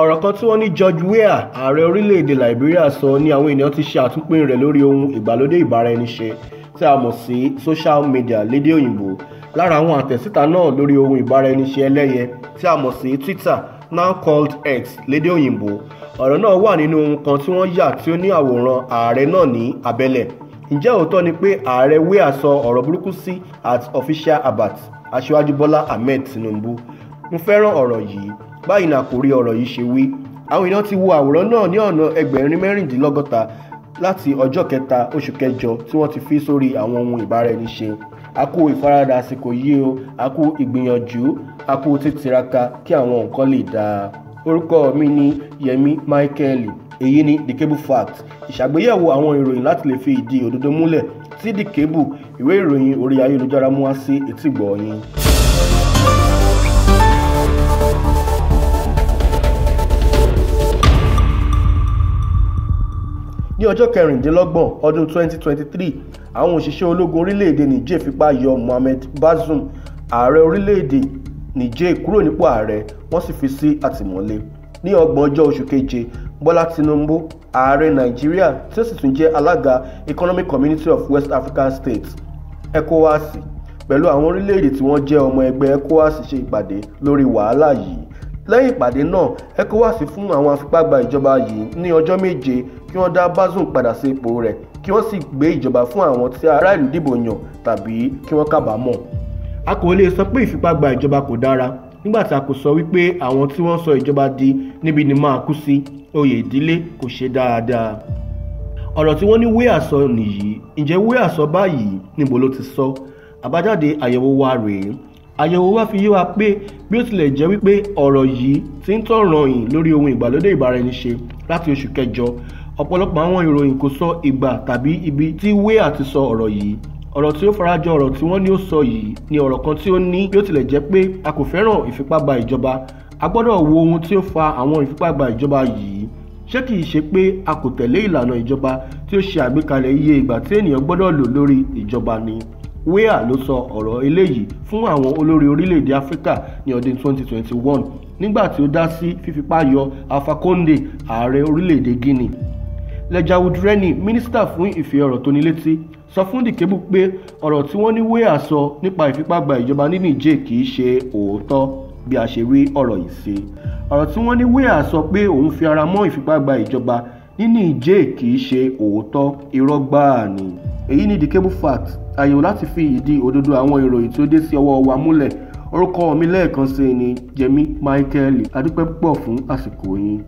ọ̀rọ̀ kan tí wọ́n ní George Weah ààrẹ orílẹ̀-èdè Liberia sọ ni àwọn ènìyàn ti ṣe àtúnpín rẹ̀ lórí ohun ìgbàlódé ìbáraẹniṣe tí a mọ̀ sí social media lédè òyìnbó lára àwọn àtẹ̀síta náà lórí ohun ìbáraẹniṣe ẹlẹ́yẹ tí a mọ̀ sí Twitter now called X lédè òyìnbó ọ̀rọ̀ náà wà nínú ohun kan tí wọ́n yà tí ó ní àwòrán ààrẹ náà ní abẹ́lẹ̀ ǹjẹ́ òótọ́ ni pé ààrẹ Weah sọ ọ̀rọ̀ burúkú sí at official abat aṣíwájú Bọ́lá Ahmed Tinubu mo fẹ́ràn ọ̀rọ̀ yìí báyìí ni àkòrí ọ̀rọ̀ yìí ṣe wí àwọn èèyàn ti wo àwòrán náà ní ọ̀nà ẹgbẹ̀rin mẹ́rìndínlọ́gọ́ta láti ọjọ́ kẹta oṣù kẹjọ tí wọ́n ti fi sórí àwọn ohun ìbáraẹniṣe a kú ìfaradà àsìkò yìí o a kú ìgbìyànjú a kú títiraka kí àwọn nǹkan lè dáa orúkọ mi ni Yẹmi Michael èyí ni Dikebu Fact ìṣàgbéyẹ̀wò àwọn ìròyìn láti lè fi ìdí òdodo múlẹ̀ tí Dikebu ìwé ìròyìn orí ayélujára mú wá sí etígbọ̀ọ́ yín. ní ọjọ́ kẹrìndínlọ́gbọ̀n ọdún 2023 àwọn òṣìṣẹ́ ológun orílẹ̀-èdè niger fipá yọ mohammed bazoum ààrẹ orílẹ̀-èdè niger kúrò nípò ààrẹ wọ́n sì fi sí àtìmọ́lé ní ọgbọ̀n ọjọ́ oṣù keje bọ́lá tinubu ààrẹ nàìjíríà tí ó sì tún jẹ́ alága economic community of west african states ecowas pẹ̀lú àwọn orílẹ̀-èdè tí wọ́n jẹ́ ọmọ ẹgbẹ́ ecowas ṣe ìpàdé lórí wàhálà yìí lẹ́yìn ìpàdé náà ecowas fún àwọn afipágba ìjọba yìí ní ọjọ́ méje kí wọ́n dá bazoum padà sí ipò rẹ̀ kí wọ́n sì gbé ìjọba fún àwọn tí aráàlú dìbò yàn tàbí kí wọ́n kábàámọ̀. a kò lè sọ pé ìfipágba ìjọba kò dára nígbà tí a kò sọ wípé àwọn tí wọ́n sọ ìjọba di níbi ni máa kú sí oyè ìdílé kò ṣe dáadáa ọ̀rọ̀ tí wọ́n ní wíà sọ nìyí ǹjẹ́ wíà sọ báyìí níbo ló ti sọ àbájáde àyẹ̀wò wa rèé àyẹ̀wò wa fi yé wa pé bí ó tilẹ̀ jẹ́ wípé ọ̀rọ̀ yìí ti ń tọ̀ràn yìn lórí ohun ìgbàlódé ìbáraẹniṣe láti oṣù kẹjọ ọ̀pọ̀lọpọ̀ àwọn ìròyìn kò sọ ìgbà tàbí ibi tí Wéà ti sọ ọ̀rọ̀ yìí ọ̀rọ̀ tí ó farajọ ọ̀rọ̀ tí wọ́n ní ó sọ yìí ni ọ̀rọ̀ kan tí ó ní bí ó tilẹ̀ jẹ́ pé a kò fẹ́ràn ìfipágba ìjọba a gbọ́dọ̀ wo ohun tí ó fa àwọn ìfipágba ìjọba yìí ṣé kìí ṣe pé a kò tẹ̀lé ìlànà ìjọba tí ó ṣe àgbékalẹ̀ iye ìgbà tí ènìyàn gbọ́dọ̀ lò lórí ìjọba ni Wéà ló sọ ọ̀rọ̀ eléyìí fún àwọn olórí orílẹ̀-èdè Áfíríkà ní ọdún 2021 nígbà tí ó dá sí fífipá yọ Alpha Condé ààrẹ orílẹ̀-èdè Guinea Lejawood Rennie mínísítà fún ìfi ọ̀rọ̀ tó ní létí sọ fún Dikebu pé ọ̀rọ̀ tí wọ́n ní wéyà sọ nípa ìfipágba ìjọba ní Niger kì í ṣe òótọ́ bí a ṣe rí ọ̀rọ̀ yìí sí ọ̀rọ̀ tí wọ́n ní wéyà sọ pé òun fi ara mọ́ ìfipágba ìjọba ní Niger kì í ṣe òótọ́ irọ́ gbáà ni èyí ni Dikebu fact àyẹ̀wò láti fi ìdí òdodo àwọn ìròyìn tí ó dé sí ọwọ́ wa múlẹ̀ orúkọ mi lẹ́ẹ̀kan sí ni Yẹmí Michael adúpẹ́ púpọ̀ fún àsìkò yín.